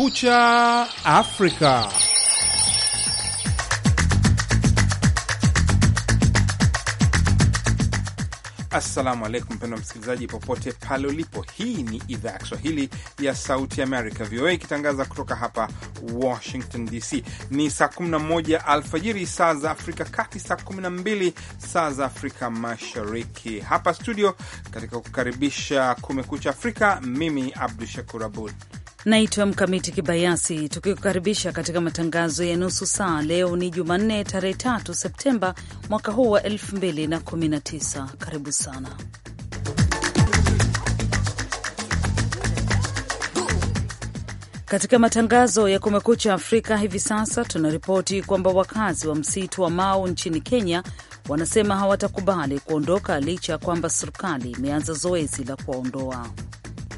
Kumekucha Afrika. Assalamu alaikum, mpendwa msikilizaji, popote pale ulipo. Hii ni idhaa ya Kiswahili ya Sauti Amerika, VOA, ikitangaza kutoka hapa Washington DC. Ni saa 11 alfajiri saa za Afrika Kati, saa 12 saa za Afrika Mashariki. Hapa studio katika kukaribisha Kumekucha Afrika, mimi Abdu Shakur Abud Naitwa Mkamiti Kibayasi, tukikukaribisha katika matangazo ya nusu saa. Leo ni Jumanne, tarehe 3 Septemba mwaka huu wa 2019. Karibu sana katika matangazo ya Kumekucha Afrika. Hivi sasa tunaripoti kwamba wakazi wa msitu wa Mau nchini Kenya wanasema hawatakubali kuondoka licha ya kwamba serikali imeanza zoezi la kuwaondoa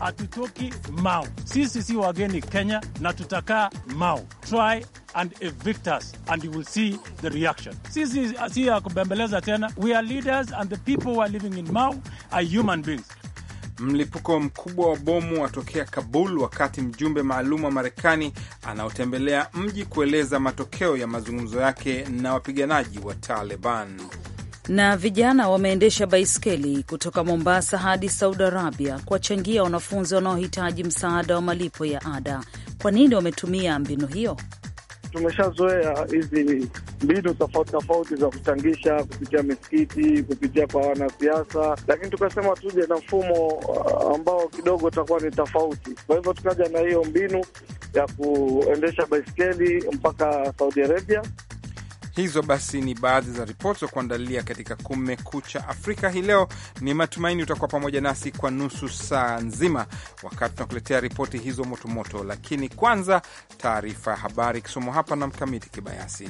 hatutoki Mau. Sisi si wageni Kenya na tutakaa Mau. Try and evict us and you will see the reaction. Sisi si ya kubembeleza tena. We are leaders and the people who are living in Mau are human beings. Mlipuko mkubwa wa bomu watokea Kabul wakati mjumbe maalum wa Marekani anaotembelea mji kueleza matokeo ya mazungumzo yake na wapiganaji wa Taliban. Na vijana wameendesha baiskeli kutoka Mombasa hadi Saudi Arabia kuwachangia wanafunzi wanaohitaji msaada wa malipo ya ada. Kwa nini wametumia mbinu hiyo? Tumeshazoea hizi mbinu tofauti tofauti za kuchangisha kupitia misikiti, kupitia kwa wanasiasa, lakini tukasema tuje na mfumo uh, ambao kidogo utakuwa ni tofauti. Kwa hivyo tukaja na hiyo mbinu ya kuendesha baiskeli mpaka Saudi Arabia. Hizo basi ni baadhi za ripoti za kuandalia katika Kumekucha Afrika hii leo. Ni matumaini utakuwa pamoja nasi kwa nusu saa nzima, wakati tunakuletea ripoti hizo motomoto, lakini kwanza taarifa ya habari ikisomwa hapa na Mkamiti Kibayasi.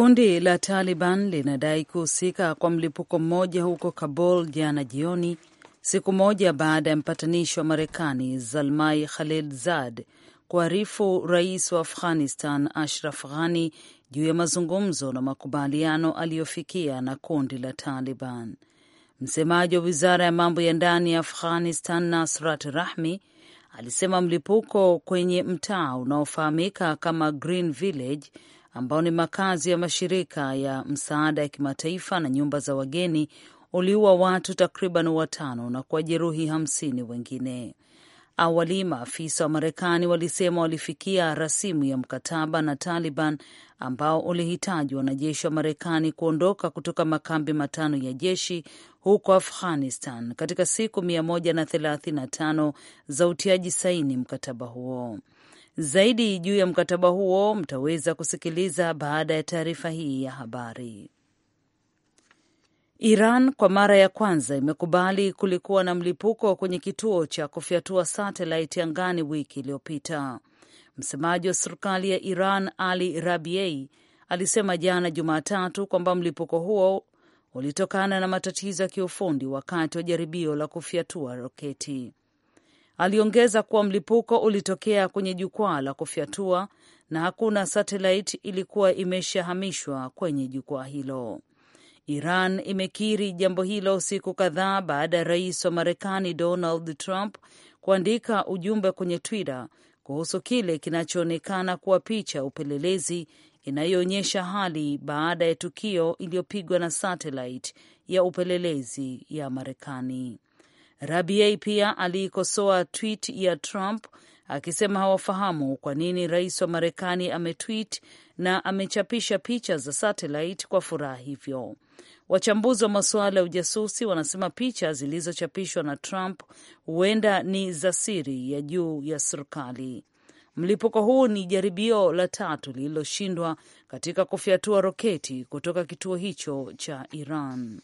Kundi la Taliban linadai kuhusika kwa mlipuko mmoja huko Kabul jana jioni, siku moja baada ya mpatanishi wa Marekani Zalmai Khalilzad kuarifu rais wa Afghanistan Ashraf Ghani juu ya mazungumzo na makubaliano aliyofikia na kundi la Taliban. Msemaji wa wizara ya mambo ya ndani ya Afghanistan Nasrat Rahmi alisema mlipuko kwenye mtaa unaofahamika kama Green Village ambao ni makazi ya mashirika ya msaada ya kimataifa na nyumba za wageni uliua watu takriban watano na kuwajeruhi hamsini wengine. Awali maafisa wa Marekani walisema walifikia rasimu ya mkataba na Taliban ambao ulihitaji wanajeshi wa Marekani kuondoka kutoka makambi matano ya jeshi huko Afghanistan katika siku 135 za utiaji saini mkataba huo. Zaidi juu ya mkataba huo mtaweza kusikiliza baada ya taarifa hii ya habari. Iran kwa mara ya kwanza imekubali kulikuwa na mlipuko kwenye kituo cha kufyatua satelaiti angani wiki iliyopita. Msemaji wa serikali ya Iran Ali Rabiei alisema jana Jumatatu kwamba mlipuko huo ulitokana na matatizo ya kiufundi wakati wa jaribio la kufyatua roketi. Aliongeza kuwa mlipuko ulitokea kwenye jukwaa la kufyatua na hakuna satelaiti ilikuwa imeshahamishwa kwenye jukwaa hilo. Iran imekiri jambo hilo siku kadhaa baada ya rais wa Marekani Donald Trump kuandika ujumbe kwenye Twitter kuhusu kile kinachoonekana kuwa picha upelelezi inayoonyesha hali baada ya tukio iliyopigwa na satellite ya upelelezi ya Marekani. Rabiei pia aliikosoa tweet ya Trump akisema hawafahamu kwa nini rais wa Marekani ametweet na amechapisha picha za satellite kwa furaha hivyo. Wachambuzi wa masuala ya ujasusi wanasema picha zilizochapishwa na Trump huenda ni za siri ya juu ya serikali. Mlipuko huu ni jaribio la tatu lililoshindwa katika kufyatua roketi kutoka kituo hicho cha Iran.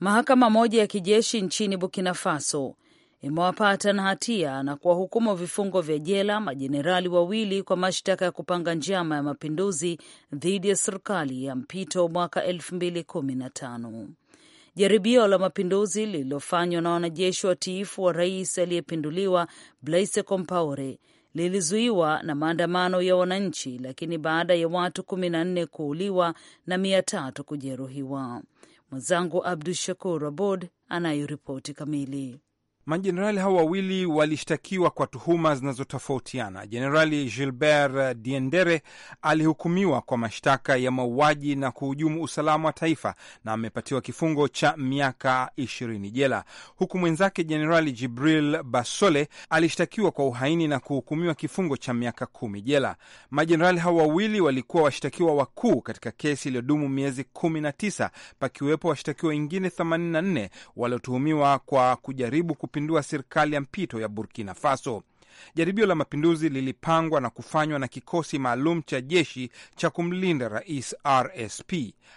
Mahakama moja ya kijeshi nchini Burkina Faso imewapata na hatia na kuwahukumu vifungo vya jela majenerali wawili kwa mashtaka ya kupanga njama ya mapinduzi dhidi ya serikali ya mpito mwaka 2015. Jaribio la mapinduzi lililofanywa na wanajeshi watiifu wa rais aliyepinduliwa Blaise Compaore lilizuiwa na maandamano ya wananchi, lakini baada ya watu kumi na nne kuuliwa na mia tatu kujeruhiwa. Mwenzangu Abdu Shakur Abod anayo ripoti kamili. Majenerali hao wawili walishtakiwa kwa tuhuma zinazotofautiana. Jenerali Gilbert Diendere alihukumiwa kwa mashtaka ya mauaji na kuhujumu usalama wa taifa na amepatiwa kifungo cha miaka ishirini jela, huku mwenzake Jenerali Jibril Basole alishtakiwa kwa uhaini na kuhukumiwa kifungo cha miaka kumi jela. Majenerali hao wawili walikuwa washtakiwa wakuu katika kesi iliyodumu miezi kumi na tisa, pakiwepo washtakiwa wengine 84 waliotuhumiwa kwa kujaribu kupindua serikali ya mpito ya Burkina Faso. Jaribio la mapinduzi lilipangwa na kufanywa na kikosi maalum cha jeshi cha kumlinda rais RSP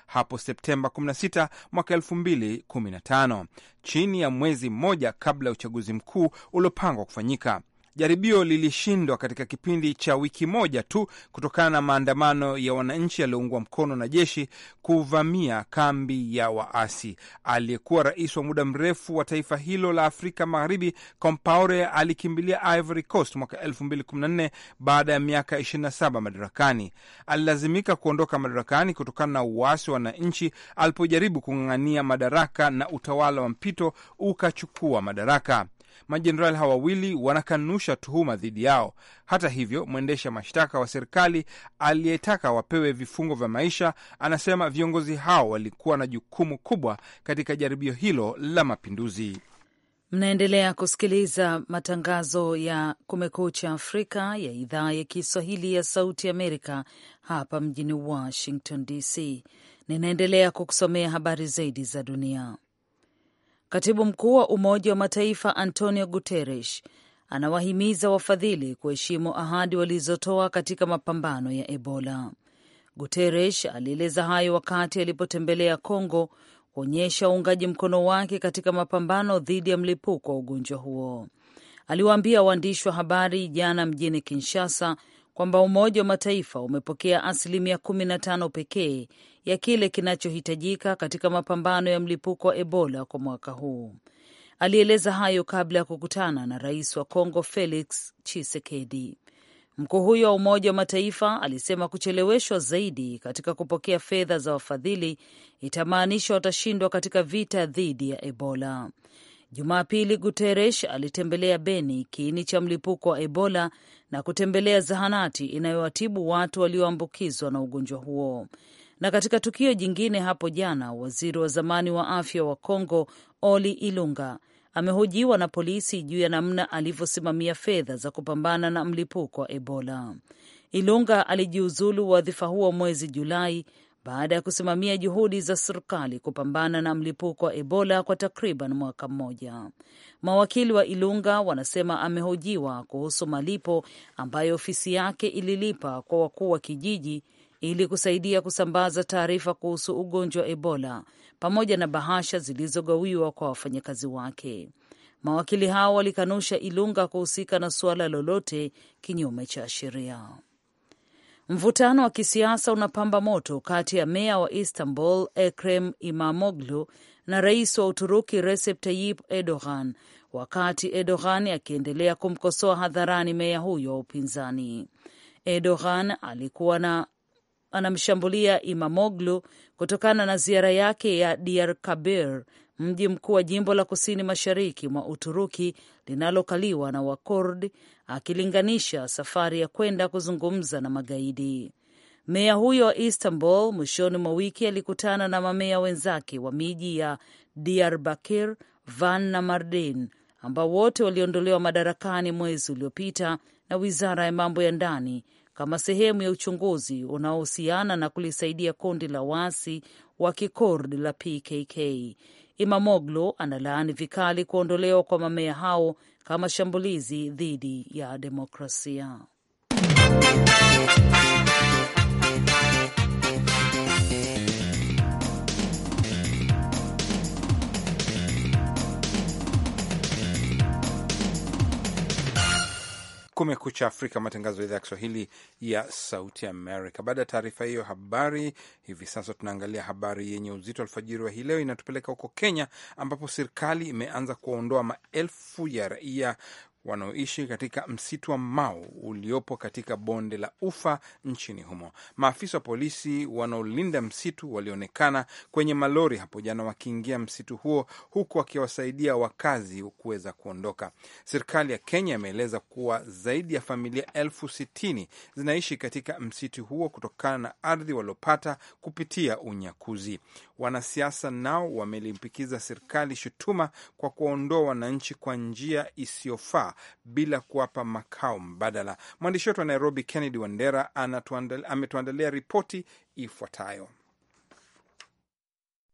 hapo Septemba 16 mwaka 2015, chini ya mwezi mmoja kabla ya uchaguzi mkuu uliopangwa kufanyika. Jaribio lilishindwa katika kipindi cha wiki moja tu kutokana na maandamano ya wananchi yaliyoungwa mkono na jeshi kuvamia kambi ya waasi. Aliyekuwa rais wa muda mrefu wa taifa hilo la Afrika Magharibi, Compaore, alikimbilia Ivory Coast mwaka 2014 baada ya miaka 27 madarakani. Alilazimika kuondoka madarakani kutokana na uasi wa wananchi alipojaribu kung'ang'ania madaraka na utawala wa mpito ukachukua madaraka. Majenerali hawa wawili wanakanusha tuhuma dhidi yao. Hata hivyo, mwendesha mashtaka wa serikali aliyetaka wapewe vifungo vya maisha anasema viongozi hao walikuwa na jukumu kubwa katika jaribio hilo la mapinduzi. Mnaendelea kusikiliza matangazo ya Kumekucha Afrika ya idhaa ya Kiswahili ya Sauti Amerika hapa mjini Washington DC. Ninaendelea kukusomea habari zaidi za dunia. Katibu mkuu wa Umoja wa Mataifa Antonio Guterres anawahimiza wafadhili kuheshimu ahadi walizotoa katika mapambano ya Ebola. Guterres alieleza hayo wakati alipotembelea congo kuonyesha uungaji mkono wake katika mapambano dhidi ya mlipuko wa ugonjwa huo. Aliwaambia waandishi wa habari jana mjini Kinshasa kwamba Umoja wa Mataifa umepokea asilimia 15 pekee ya kile kinachohitajika katika mapambano ya mlipuko wa Ebola kwa mwaka huu. Alieleza hayo kabla ya kukutana na rais wa Kongo Felix Tshisekedi. Mkuu huyo wa Umoja wa Mataifa alisema kucheleweshwa zaidi katika kupokea fedha za wafadhili itamaanisha watashindwa katika vita dhidi ya Ebola. Jumapili, Guterres alitembelea Beni, kiini cha mlipuko wa Ebola, na kutembelea zahanati inayowatibu watu walioambukizwa na ugonjwa huo. Na katika tukio jingine hapo jana, waziri wa zamani wa afya wa congo Oli Ilunga amehojiwa na polisi juu ya namna alivyosimamia fedha za kupambana na mlipuko wa Ebola. Ilunga alijiuzulu wadhifa huo mwezi Julai baada ya kusimamia juhudi za serikali kupambana na mlipuko wa Ebola kwa takriban mwaka mmoja. Mawakili wa Ilunga wanasema amehojiwa kuhusu malipo ambayo ofisi yake ililipa kwa wakuu wa kijiji ili kusaidia kusambaza taarifa kuhusu ugonjwa wa Ebola pamoja na bahasha zilizogawiwa kwa wafanyakazi wake. Mawakili hao walikanusha Ilunga kuhusika na suala lolote kinyume cha sheria. Mvutano wa kisiasa unapamba moto kati ya meya wa Istanbul Ekrem Imamoglu na rais wa Uturuki Recep Tayyip Erdogan, wakati Erdogan akiendelea kumkosoa hadharani meya huyo wa upinzani. Erdogan alikuwa na anamshambulia Imamoglu kutokana na ziara yake ya Diyarbakir, mji mkuu wa jimbo la kusini mashariki mwa Uturuki linalokaliwa na Wakurdi, akilinganisha safari ya kwenda kuzungumza na magaidi. Meya huyo wa Istanbul mwishoni mwa wiki alikutana na mameya wenzake wa miji ya Diyarbakir, Van na Mardin, ambao wote waliondolewa madarakani mwezi uliopita na wizara ya mambo ya ndani kama sehemu ya uchunguzi unaohusiana na kulisaidia kundi la wasi wa kikord la PKK. Imamoglu analaani vikali kuondolewa kwa mamea hao kama shambulizi dhidi ya demokrasia. Kumekucha Afrika, matangazo ya idhaa ya Kiswahili ya Sauti Amerika. Baada ya taarifa hiyo habari, hivi sasa tunaangalia habari yenye uzito alfajiri wa hii leo. Inatupeleka huko Kenya, ambapo serikali imeanza kuwaondoa maelfu ya raia wanaoishi katika msitu wa Mau uliopo katika bonde la Ufa nchini humo. Maafisa wa polisi wanaolinda msitu walionekana kwenye malori hapo jana wakiingia msitu huo, huku wakiwasaidia wakazi kuweza kuondoka. Serikali ya Kenya imeeleza kuwa zaidi ya familia elfu sitini zinaishi katika msitu huo kutokana na ardhi waliopata kupitia unyakuzi. Wanasiasa nao wamelimpikiza serikali shutuma kwa kuwaondoa wananchi kwa njia isiyofaa bila kuwapa makao mbadala. Mwandishi wetu wa Nairobi, Kennedy Wandera, ametuandalia ripoti ifuatayo.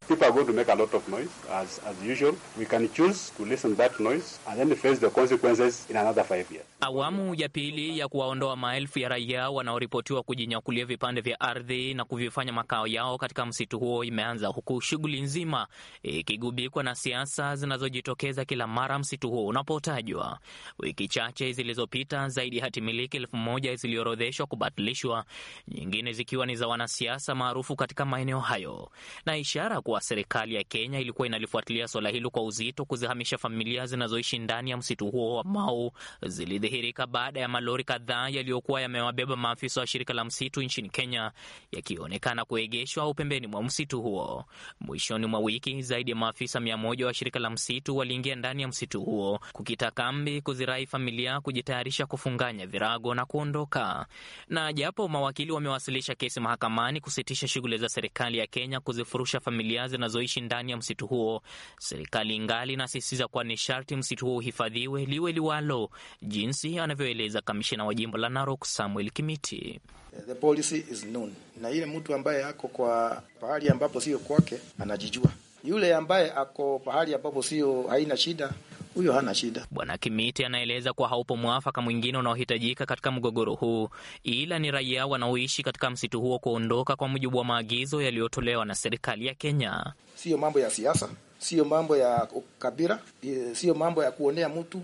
People are going to make a lot of noise, as, as usual. We can choose to listen that noise and then face the consequences in another five years. Awamu ya pili ya kuwaondoa maelfu ya raia wanaoripotiwa kujinyakulia vipande vya ardhi na kuvifanya makao yao katika msitu huo imeanza huku shughuli nzima ikigubikwa e, na siasa zinazojitokeza kila mara msitu huo unapotajwa. Wiki chache zilizopita, zaidi ya hati miliki elfu moja ziliorodheshwa kubatilishwa, nyingine zikiwa ni za wanasiasa maarufu katika maeneo hayo na ishara kuwa serikali ya Kenya ilikuwa inalifuatilia swala hilo kwa uzito. Kuzihamisha familia zinazoishi ndani ya msitu huo wa Mau zilidhihirika baada ya malori kadhaa yaliyokuwa yamewabeba maafisa wa shirika la msitu nchini Kenya yakionekana kuegeshwa au pembeni mwa msitu huo. Mwishoni mwa wiki, zaidi ya maafisa mia moja wa shirika la msitu waliingia ndani ya msitu huo kukita kambi, kuzirai familia kujitayarisha kufunganya virago na kuondoka. Na japo mawakili wamewasilisha kesi mahakamani kusitisha shughuli za serikali ya Kenya kuzifurusha familia zinazoishi ndani ya msitu huo, serikali ingali inasisitiza kuwa ni sharti msitu huo uhifadhiwe liwe liwalo, jinsi anavyoeleza kamishina wa jimbo la Narok Samuel Kimiti. The policy is known. Na ile mtu ambaye ako kwa pahali ambapo sio kwake anajijua, yule ambaye ako pahali ambapo sio haina shida huyo hana shida. Bwana Kimiti anaeleza kuwa haupo mwafaka mwingine unaohitajika katika mgogoro huu, ila ni raia wanaoishi katika msitu huo kuondoka kwa mujibu wa maagizo yaliyotolewa na serikali ya Kenya. Siyo mambo ya siasa, siyo mambo ya kabila, siyo mambo ya kuonea mtu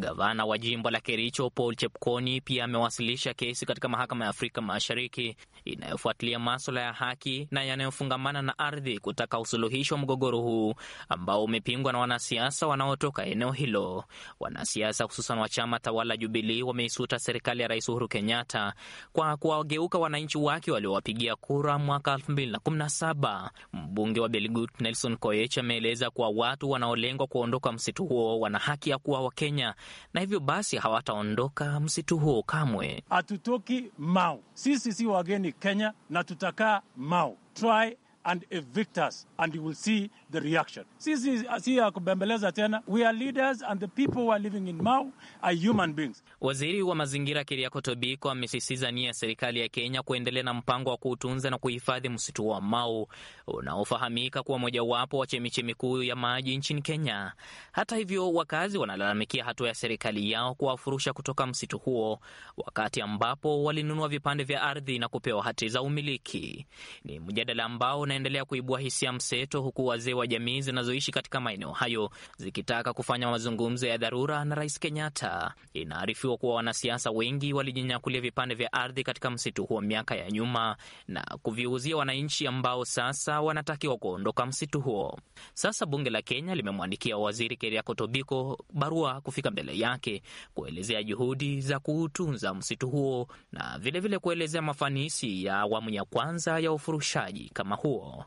Gavana wa jimbo la Kericho Paul Chepkoni pia amewasilisha kesi katika mahakama ya Afrika Mashariki inayofuatilia maswala ya haki na yanayofungamana na ardhi kutaka usuluhishi wa mgogoro huu ambao umepingwa na wanasiasa wanaotoka eneo hilo. Wanasiasa hususan wa chama tawala Jubilii wameisuta serikali ya Rais Uhuru Kenyatta kwa kuwageuka wananchi wake waliowapigia kura mwaka 2017. Mbunge wa Belgut Nelson Koech ameeleza kuwa watu wanaolengwa kuondoka msitu huo wana haki ya kuwa Wakenya na hivyo basi hawataondoka msitu huo kamwe. Hatutoki Mau, sisi si wageni Kenya na tutakaa Mau Try and evict us and you will see the reaction. Sisi si ya kubembeleza tena, we are leaders and the people who are living in Mau are human beings. Waziri wa mazingira Keriako Tobiko amesisitiza nia ya serikali ya Kenya kuendelea na mpango wa kuutunza na kuhifadhi msitu wa Mau unaofahamika kuwa mojawapo wa chemichemi kuu ya maji nchini Kenya. Hata hivyo, wakazi wanalalamikia hatua ya serikali yao kuwafurusha kutoka msitu huo, wakati ambapo walinunua vipande vya ardhi na kupewa hati za umiliki. Ni mjadala ambao na unaendelea kuibua hisia mseto, huku wazee wa jamii zinazoishi katika maeneo hayo zikitaka kufanya mazungumzo ya dharura na Rais Kenyatta. Inaarifiwa kuwa wanasiasa wengi walijinyakulia vipande vya ardhi katika msitu huo miaka ya nyuma na kuviuzia wananchi ambao sasa wanatakiwa kuondoka msitu huo. Sasa bunge la Kenya limemwandikia waziri Keriako Tobiko barua kufika mbele yake kuelezea juhudi za kuutunza msitu huo na vilevile kuelezea mafanisi ya awamu ya kwanza ya ufurushaji kama huo huo.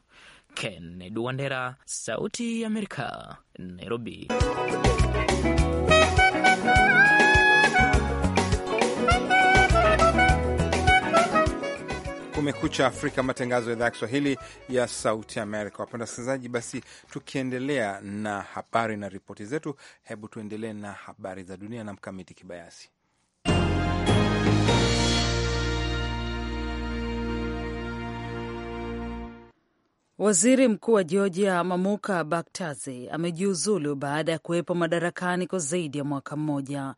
Kennedy Wandera, Sauti ya Amerika, Nairobi. Kumekucha Afrika, matangazo ya idhaa ya Kiswahili ya Sauti Amerika. Wapenda wasikilizaji, basi tukiendelea na habari na ripoti zetu, hebu tuendelee na habari za dunia na Mkamiti Kibayasi. Waziri Mkuu wa Georgia Mamuka Baktaze amejiuzulu baada ya kuwepo madarakani kwa zaidi ya mwaka mmoja.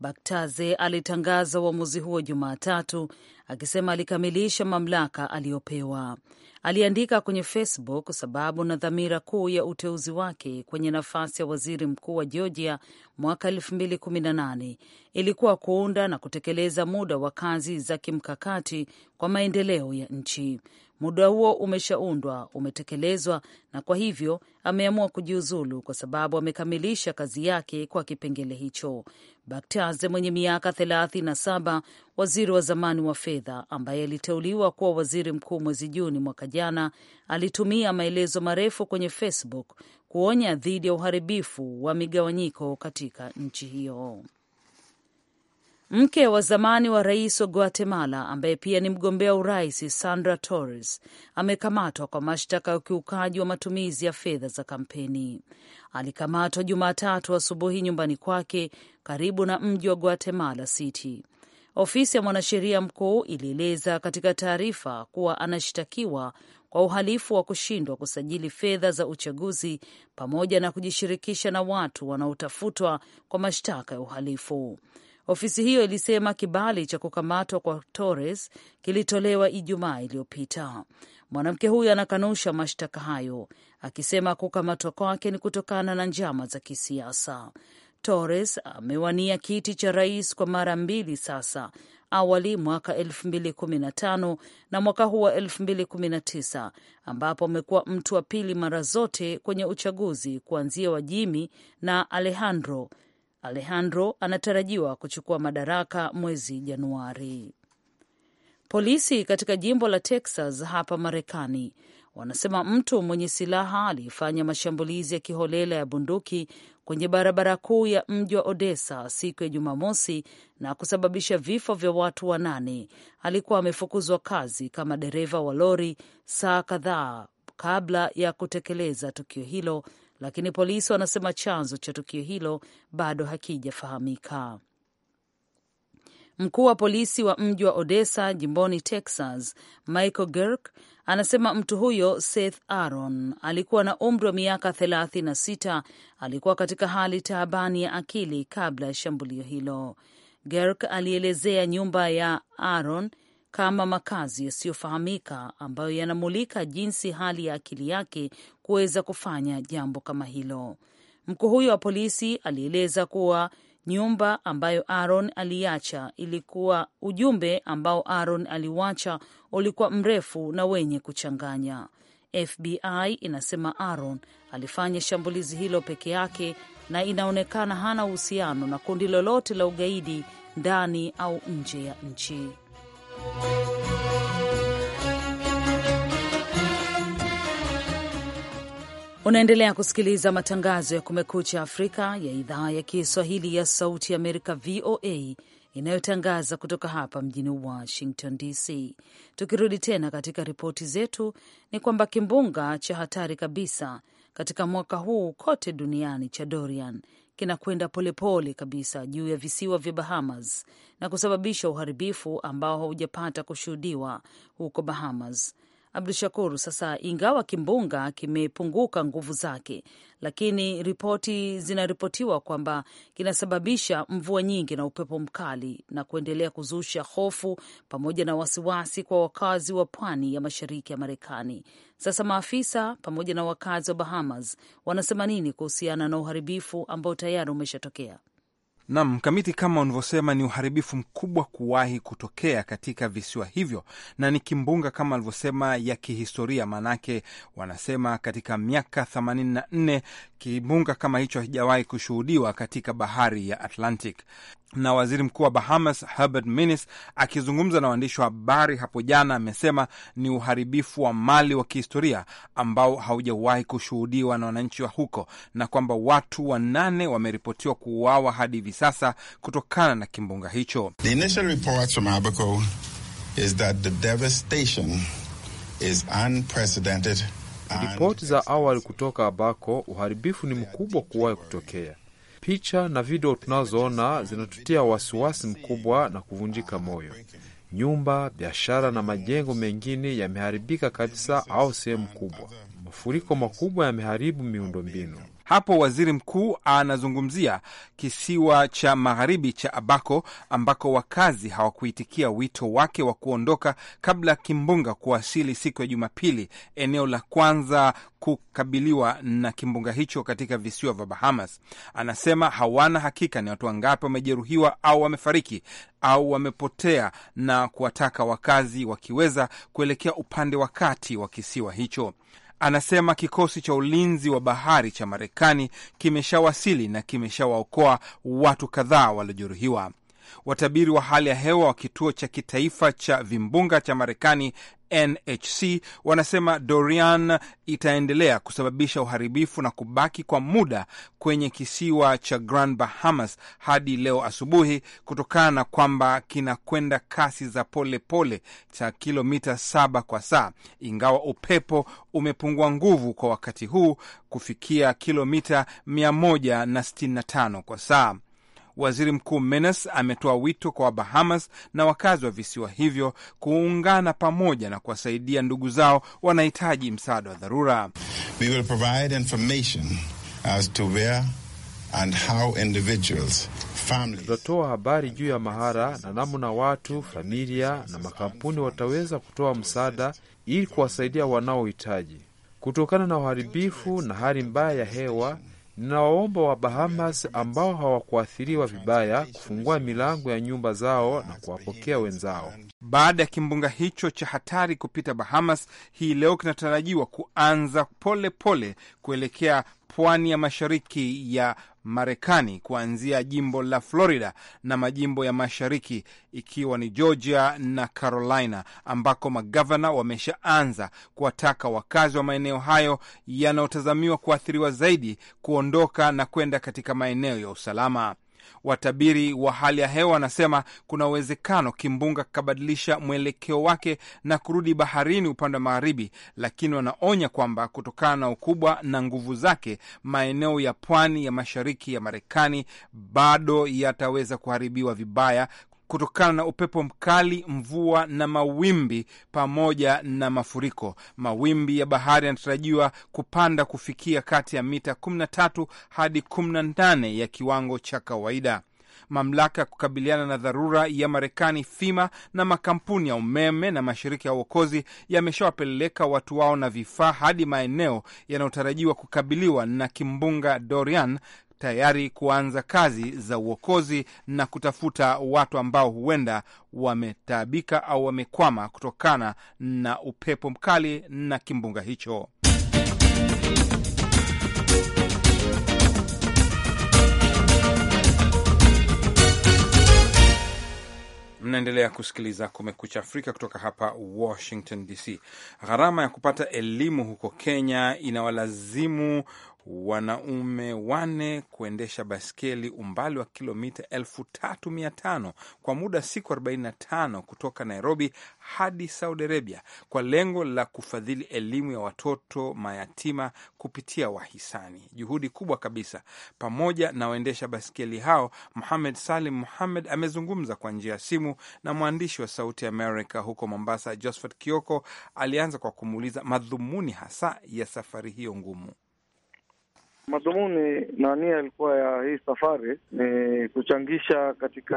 Baktaze alitangaza uamuzi huo Jumatatu akisema alikamilisha mamlaka aliyopewa. Aliandika kwenye Facebook sababu na dhamira kuu ya uteuzi wake kwenye nafasi ya waziri mkuu wa Georgia mwaka 2018 ilikuwa kuunda na kutekeleza muda wa kazi za kimkakati kwa maendeleo ya nchi. Muda huo umeshaundwa, umetekelezwa, na kwa hivyo ameamua kujiuzulu kwa sababu amekamilisha kazi yake kwa kipengele hicho. Baktaze mwenye miaka 37, waziri wa zamani wa fedha ambaye aliteuliwa kuwa waziri mkuu mwezi Juni mwaka jana, alitumia maelezo marefu kwenye Facebook kuonya dhidi ya uharibifu wa migawanyiko katika nchi hiyo. Mke wa zamani wa rais wa Guatemala ambaye pia ni mgombea urais Sandra Torres amekamatwa kwa mashtaka ya ukiukaji wa matumizi ya fedha za kampeni. Alikamatwa Jumatatu asubuhi nyumbani kwake karibu na mji wa Guatemala City. Ofisi ya mwanasheria mkuu ilieleza katika taarifa kuwa anashtakiwa kwa uhalifu wa kushindwa kusajili fedha za uchaguzi pamoja na kujishirikisha na watu wanaotafutwa kwa mashtaka ya uhalifu. Ofisi hiyo ilisema kibali cha kukamatwa kwa Torres kilitolewa Ijumaa iliyopita. Mwanamke huyo anakanusha mashtaka hayo akisema kukamatwa kwake ni kutokana na njama za kisiasa. Torres amewania kiti cha rais kwa mara mbili sasa, awali mwaka 2015 na mwaka huu wa 2019, ambapo amekuwa mtu wa pili mara zote kwenye uchaguzi kuanzia wa Jimmy na Alejandro. Alejandro anatarajiwa kuchukua madaraka mwezi Januari. Polisi katika jimbo la Texas hapa Marekani wanasema mtu mwenye silaha aliyefanya mashambulizi ya kiholela ya bunduki kwenye barabara kuu ya mji wa Odessa siku ya Jumamosi na kusababisha vifo vya watu wanane alikuwa amefukuzwa kazi kama dereva wa lori saa kadhaa kabla ya kutekeleza tukio hilo, lakini polisi wanasema chanzo cha tukio hilo bado hakijafahamika. Mkuu wa polisi wa mji wa Odessa jimboni Texas, Michael Girk Anasema mtu huyo Seth Aaron alikuwa na umri wa miaka sita alikuwa katika hali taabani ya akili kabla ya shambulio hilo. Gerk alielezea nyumba ya Aaron kama makazi yasiyofahamika ambayo yanamulika jinsi hali ya akili yake kuweza kufanya jambo kama hilo. Mkuu huyo wa polisi alieleza kuwa Nyumba ambayo Aaron aliacha ilikuwa. Ujumbe ambao Aaron aliwacha ulikuwa mrefu na wenye kuchanganya. FBI inasema Aaron alifanya shambulizi hilo peke yake na inaonekana hana uhusiano na kundi lolote la ugaidi ndani au nje ya nchi. Unaendelea kusikiliza matangazo ya Kumekucha Afrika ya idhaa ya Kiswahili ya Sauti Amerika, VOA, inayotangaza kutoka hapa mjini Washington DC. Tukirudi tena katika ripoti zetu, ni kwamba kimbunga cha hatari kabisa katika mwaka huu kote duniani cha Dorian kinakwenda polepole kabisa juu ya visiwa vya Bahamas na kusababisha uharibifu ambao haujapata kushuhudiwa huko Bahamas Abdu Shakur, sasa ingawa kimbunga kimepunguka nguvu zake, lakini ripoti zinaripotiwa kwamba kinasababisha mvua nyingi na upepo mkali na kuendelea kuzusha hofu pamoja na wasiwasi kwa wakazi wa pwani ya mashariki ya Marekani. Sasa maafisa pamoja na wakazi wa Bahamas wanasema nini kuhusiana na uharibifu ambao tayari umeshatokea? Nam Mkamiti, kama ulivyosema, ni uharibifu mkubwa kuwahi kutokea katika visiwa hivyo, na ni kimbunga kama alivyosema ya kihistoria. Maanake wanasema katika miaka 84 kimbunga kama hicho hakijawahi kushuhudiwa katika bahari ya Atlantic na waziri mkuu wa Bahamas Herbert Minnis akizungumza na waandishi wa habari hapo jana amesema ni uharibifu wa mali wa kihistoria ambao haujawahi kushuhudiwa na wananchi wa huko, na kwamba watu wanane wameripotiwa kuuawa hadi hivi sasa kutokana na kimbunga hicho. The initial reports from Abaco is that the devastation is unprecedented. Ripoti za awali kutoka Abaco, uharibifu ni mkubwa kuwahi kutokea Picha na video tunazoona zinatutia wasiwasi mkubwa na kuvunjika moyo. Nyumba, biashara na majengo mengine yameharibika kabisa au sehemu kubwa. Mafuriko makubwa yameharibu miundombinu. Hapo waziri mkuu anazungumzia kisiwa cha magharibi cha Abako ambako wakazi hawakuitikia wito wake wa kuondoka kabla kimbunga kuwasili siku ya Jumapili, eneo la kwanza kukabiliwa na kimbunga hicho katika visiwa vya Bahamas. Anasema hawana hakika ni watu wangapi wamejeruhiwa au wamefariki au wamepotea, na kuwataka wakazi wakiweza kuelekea upande wa kati wa kisiwa hicho. Anasema kikosi cha ulinzi wa bahari cha Marekani kimeshawasili na kimeshawaokoa watu kadhaa waliojeruhiwa. Watabiri wa hali ya hewa wa kituo cha kitaifa cha vimbunga cha Marekani NHC wanasema Dorian itaendelea kusababisha uharibifu na kubaki kwa muda kwenye kisiwa cha Grand Bahamas hadi leo asubuhi, kutokana na kwamba kinakwenda kasi za polepole cha kilomita saba kwa saa, ingawa upepo umepungua nguvu kwa wakati huu kufikia kilomita 165 kwa saa. Waziri Mkuu Menas ametoa wito kwa Wabahamas na wakazi wa visiwa hivyo kuungana pamoja na kuwasaidia ndugu zao wanahitaji msaada wa dharura. We will provide information as to where and how individuals tutatoa habari juu ya mahara na namna watu, familia na makampuni wataweza kutoa msaada ili kuwasaidia wanaohitaji. Kutokana na uharibifu na hali mbaya ya hewa Ninawaomba wa Bahamas ambao hawakuathiriwa vibaya kufungua milango ya nyumba zao na kuwapokea wenzao. Baada ya kimbunga hicho cha hatari kupita, Bahamas hii leo kinatarajiwa kuanza pole pole kuelekea pwani ya mashariki ya Marekani kuanzia jimbo la Florida na majimbo ya mashariki ikiwa ni Georgia na Carolina, ambako magavana wameshaanza kuwataka wakazi wa maeneo hayo yanayotazamiwa kuathiriwa zaidi kuondoka na kwenda katika maeneo ya usalama. Watabiri wa hali ya hewa wanasema kuna uwezekano kimbunga kikabadilisha mwelekeo wake na kurudi baharini upande wa magharibi, lakini wanaonya kwamba kutokana na ukubwa na nguvu zake, maeneo ya pwani ya mashariki ya Marekani bado yataweza kuharibiwa vibaya kutokana na upepo mkali, mvua na mawimbi pamoja na mafuriko. Mawimbi ya bahari yanatarajiwa kupanda kufikia kati ya mita 13 hadi 18 ya kiwango cha kawaida. Mamlaka ya kukabiliana na dharura ya Marekani, FEMA, na makampuni ya umeme na mashirika ya uokozi yameshawapeleka watu wao na vifaa hadi maeneo yanayotarajiwa kukabiliwa na kimbunga Dorian tayari kuanza kazi za uokozi na kutafuta watu ambao huenda wametaabika au wamekwama kutokana na upepo mkali na kimbunga hicho. Mnaendelea kusikiliza Kumekucha Afrika kutoka hapa Washington DC. Gharama ya kupata elimu huko Kenya inawalazimu wanaume wane kuendesha baskeli umbali wa kilomita elfu tatu mia tano kwa muda siku 45 kutoka Nairobi hadi Saudi Arabia kwa lengo la kufadhili elimu ya watoto mayatima kupitia wahisani. Juhudi kubwa kabisa. Pamoja na waendesha baskeli hao, Muhamed Salim Muhamed amezungumza kwa njia ya simu na mwandishi wa Sauti America huko Mombasa, Josephat Kioko. Alianza kwa kumuuliza madhumuni hasa ya safari hiyo ngumu. Madhumuni na nia ilikuwa ya hii safari ni kuchangisha katika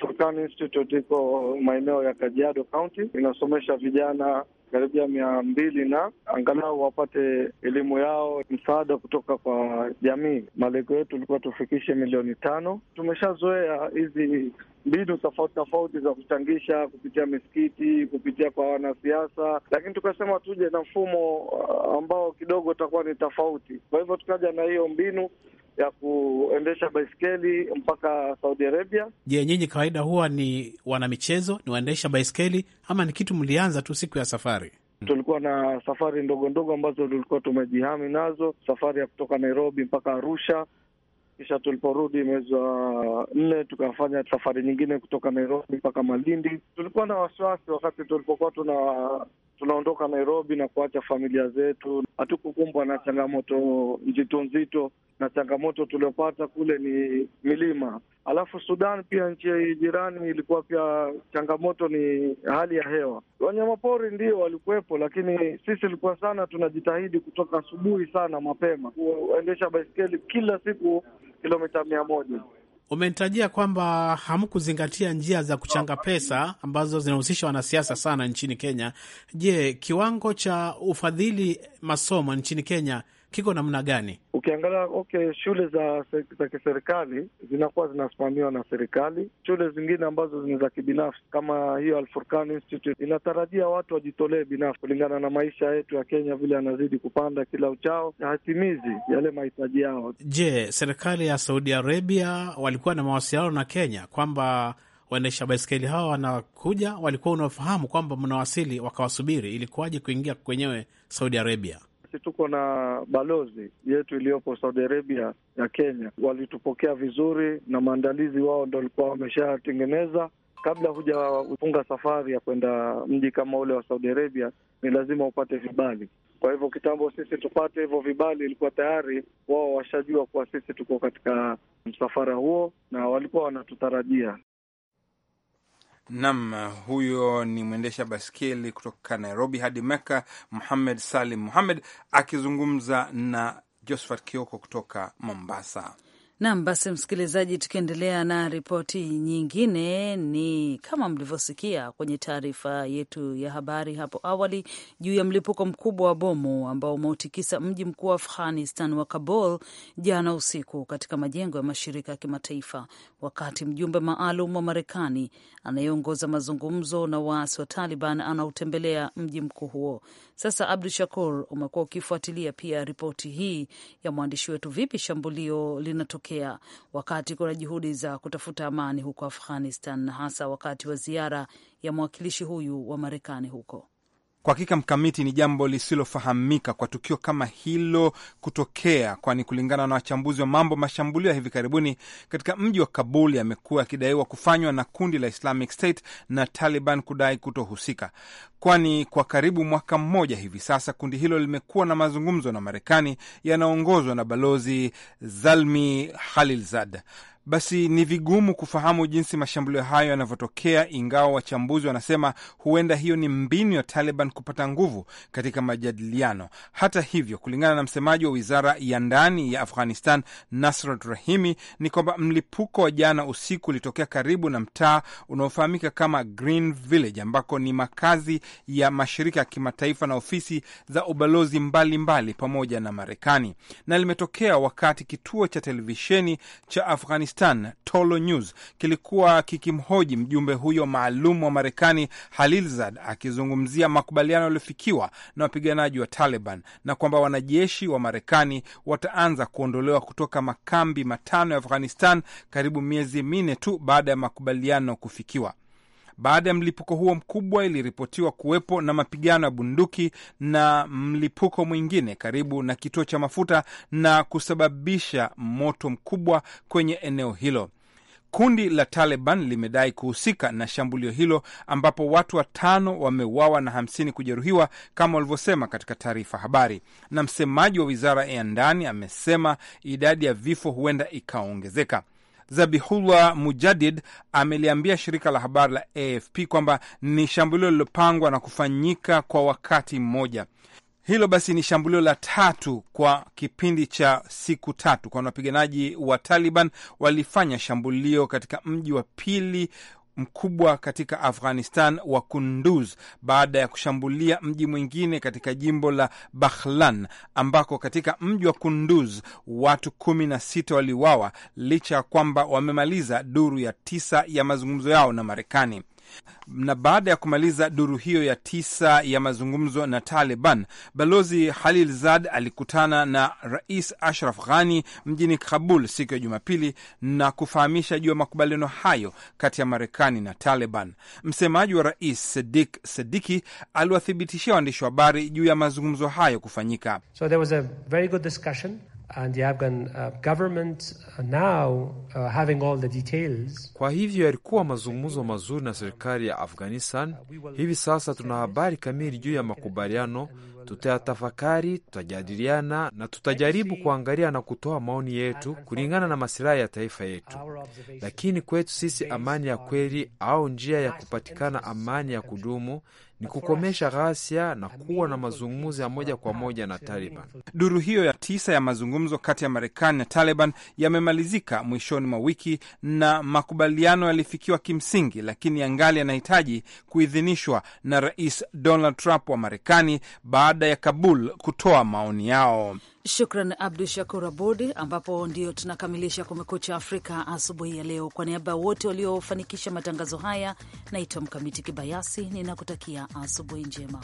Furkan Institute iko maeneo ya Kajiado County, inasomesha vijana karibu ya mia mbili na angalau wapate elimu yao, msaada kutoka kwa jamii. Malengo yetu ilikuwa tufikishe milioni tano. Tumeshazoea hizi mbinu tofauti tofauti za kuchangisha kupitia misikiti, kupitia kwa wanasiasa, lakini tukasema tuje na mfumo uh, ambao kidogo utakuwa ni tofauti. Kwa hivyo tukaja na hiyo mbinu ya kuendesha baiskeli mpaka Saudi Arabia. Je, nyinyi kawaida huwa ni wanamichezo, ni waendesha baiskeli ama ni kitu mlianza tu siku ya safari? Tulikuwa na safari ndogo ndogo ambazo tulikuwa tumejihami nazo, safari ya kutoka Nairobi mpaka Arusha. Kisha tuliporudi mwezi wa nne tukafanya safari nyingine kutoka Nairobi mpaka Malindi. Tulikuwa na wasiwasi wakati tulipokuwa tuna tunaondoka Nairobi na kuacha familia zetu. Hatukukumbwa na changamoto nzito nzito, na changamoto tuliopata kule ni milima. Alafu Sudan pia nchi ya jirani ilikuwa pia changamoto ni hali ya hewa. Wanyamapori ndio walikuwepo, lakini sisi tulikuwa sana tunajitahidi kutoka asubuhi sana mapema kuendesha baiskeli kila siku kilomita mia moja umenitajia kwamba hamkuzingatia njia za kuchanga pesa ambazo zinahusisha wanasiasa sana nchini Kenya. Je, kiwango cha ufadhili masomo nchini Kenya kiko namna gani? Ukiangalia okay, shule za za kiserikali zinakuwa zinasimamiwa na serikali. Shule zingine ambazo ni za kibinafsi kama hiyo Institute inatarajia watu wajitolee binafsi. Kulingana na maisha yetu ya Kenya vile yanazidi kupanda kila uchao, hatimizi yale mahitaji yao. Je, serikali ya Saudi Arabia walikuwa na mawasiliano na Kenya kwamba waendesha baiskeli hawa wanakuja, walikuwa unaofahamu kwamba mnawasili, wakawasubiri? Ilikuwaje kuingia kwenyewe Saudi Arabia? sisi tuko na balozi yetu iliyopo Saudi Arabia ya Kenya, walitupokea vizuri na maandalizi wao ndo walikuwa wameshatengeneza kabla hujafunga safari ya kwenda mji kama ule wa Saudi Arabia, ni lazima upate vibali. Kwa hivyo kitambo sisi tupate hivyo vibali, ilikuwa tayari wao washajua kuwa sisi tuko katika msafara huo, na walikuwa wanatutarajia. Nam, huyo ni mwendesha baskeli kutoka Nairobi hadi meka Muhamed Salim Muhamed akizungumza na Josephat Kioko kutoka Mombasa. Nam, basi msikilizaji, tukiendelea na ripoti nyingine, ni kama mlivyosikia kwenye taarifa yetu ya habari hapo awali juu ya mlipuko mkubwa wa bomu ambao umeutikisa mji mkuu wa Afghanistan wa Kabul jana usiku katika majengo ya mashirika ya kimataifa, wakati mjumbe maalum wa Marekani anayeongoza mazungumzo na waasi wa Taliban anautembelea mji mkuu huo. Sasa, Abdu Shakur, umekuwa ukifuatilia pia ripoti hii ya mwandishi wetu. Vipi shambulio linatokea wakati kuna juhudi za kutafuta amani huko Afghanistan, hasa wakati wa ziara ya mwakilishi huyu wa Marekani huko? Kwa hakika mkamiti, ni jambo lisilofahamika kwa tukio kama hilo kutokea, kwani kulingana na wachambuzi wa mambo, mashambulio ya hivi karibuni katika mji wa Kabul yamekuwa yakidaiwa kufanywa na kundi la Islamic State na Taliban kudai kutohusika kwani kwa karibu mwaka mmoja hivi sasa kundi hilo limekuwa na mazungumzo na Marekani yanaongozwa na Balozi Zalmi Khalilzad. Basi ni vigumu kufahamu jinsi mashambulio hayo yanavyotokea, ingawa wachambuzi wanasema huenda hiyo ni mbinu ya Taliban kupata nguvu katika majadiliano. Hata hivyo, kulingana na msemaji wa wizara ya ndani ya Afghanistan, Nasrat Rahimi, ni kwamba mlipuko wa jana usiku ulitokea karibu na mtaa unaofahamika kama Green Village, ambako ni makazi ya mashirika ya kimataifa na ofisi za ubalozi mbalimbali mbali, pamoja na Marekani, na limetokea wakati kituo cha televisheni cha Afghanistan Tolo News kilikuwa kikimhoji mjumbe huyo maalum wa Marekani Halilzad akizungumzia makubaliano yaliyofikiwa na wapiganaji wa Taliban na kwamba wanajeshi wa Marekani wataanza kuondolewa kutoka makambi matano ya Afghanistan karibu miezi minne tu baada ya makubaliano kufikiwa. Baada ya mlipuko huo mkubwa, iliripotiwa kuwepo na mapigano ya bunduki na mlipuko mwingine karibu na kituo cha mafuta na kusababisha moto mkubwa kwenye eneo hilo. Kundi la Taliban limedai kuhusika na shambulio hilo ambapo watu watano wameuawa na hamsini kujeruhiwa kama walivyosema katika taarifa habari, na msemaji wa wizara ya ndani amesema idadi ya vifo huenda ikaongezeka. Zabihullah Mujadid ameliambia shirika la habari la AFP kwamba ni shambulio lililopangwa na kufanyika kwa wakati mmoja. Hilo basi ni shambulio la tatu kwa kipindi cha siku tatu, kwani wapiganaji wa Taliban walifanya shambulio katika mji wa pili mkubwa katika Afghanistan wa Kunduz baada ya kushambulia mji mwingine katika jimbo la Baghlan, ambako katika mji wa Kunduz watu kumi na sita waliuawa licha ya kwamba wamemaliza duru ya tisa ya mazungumzo yao na Marekani. Na baada ya kumaliza duru hiyo ya tisa ya mazungumzo na Taliban, Balozi Halil Zad alikutana na Rais Ashraf Ghani mjini Kabul siku ya Jumapili na kufahamisha juu ya makubaliano hayo kati ya Marekani na Taliban. Msemaji wa rais Sedik Sediki aliwathibitishia waandishi wa habari juu ya mazungumzo hayo kufanyika. So there was a very good discussion. Uh, uh, uh, Kwa hivyo yalikuwa mazungumzo mazuri na serikali ya Afghanistan. Hivi sasa tuna habari kamili juu ya makubaliano tutatafakari, tutajadiliana na tutajaribu kuangalia na kutoa maoni yetu kulingana na masilahi ya taifa yetu. Lakini kwetu sisi, amani ya kweli au njia ya kupatikana amani ya kudumu ni kukomesha ghasia na kuwa na mazungumzo ya moja kwa moja na Taliban. Duru hiyo ya tisa ya mazungumzo kati ya Marekani na Taliban yamemalizika mwishoni mwa wiki na makubaliano yalifikiwa kimsingi, lakini yangali yanahitaji kuidhinishwa na Rais Donald Trump wa Marekani baada baada ya Kabul kutoa maoni yao. Shukran Abdu Shakur Abud, ambapo ndio tunakamilisha Kumekucha Afrika asubuhi ya leo. Kwa niaba ya wote waliofanikisha matangazo haya, naitwa Mkamiti Kibayasi, ninakutakia asubuhi njema.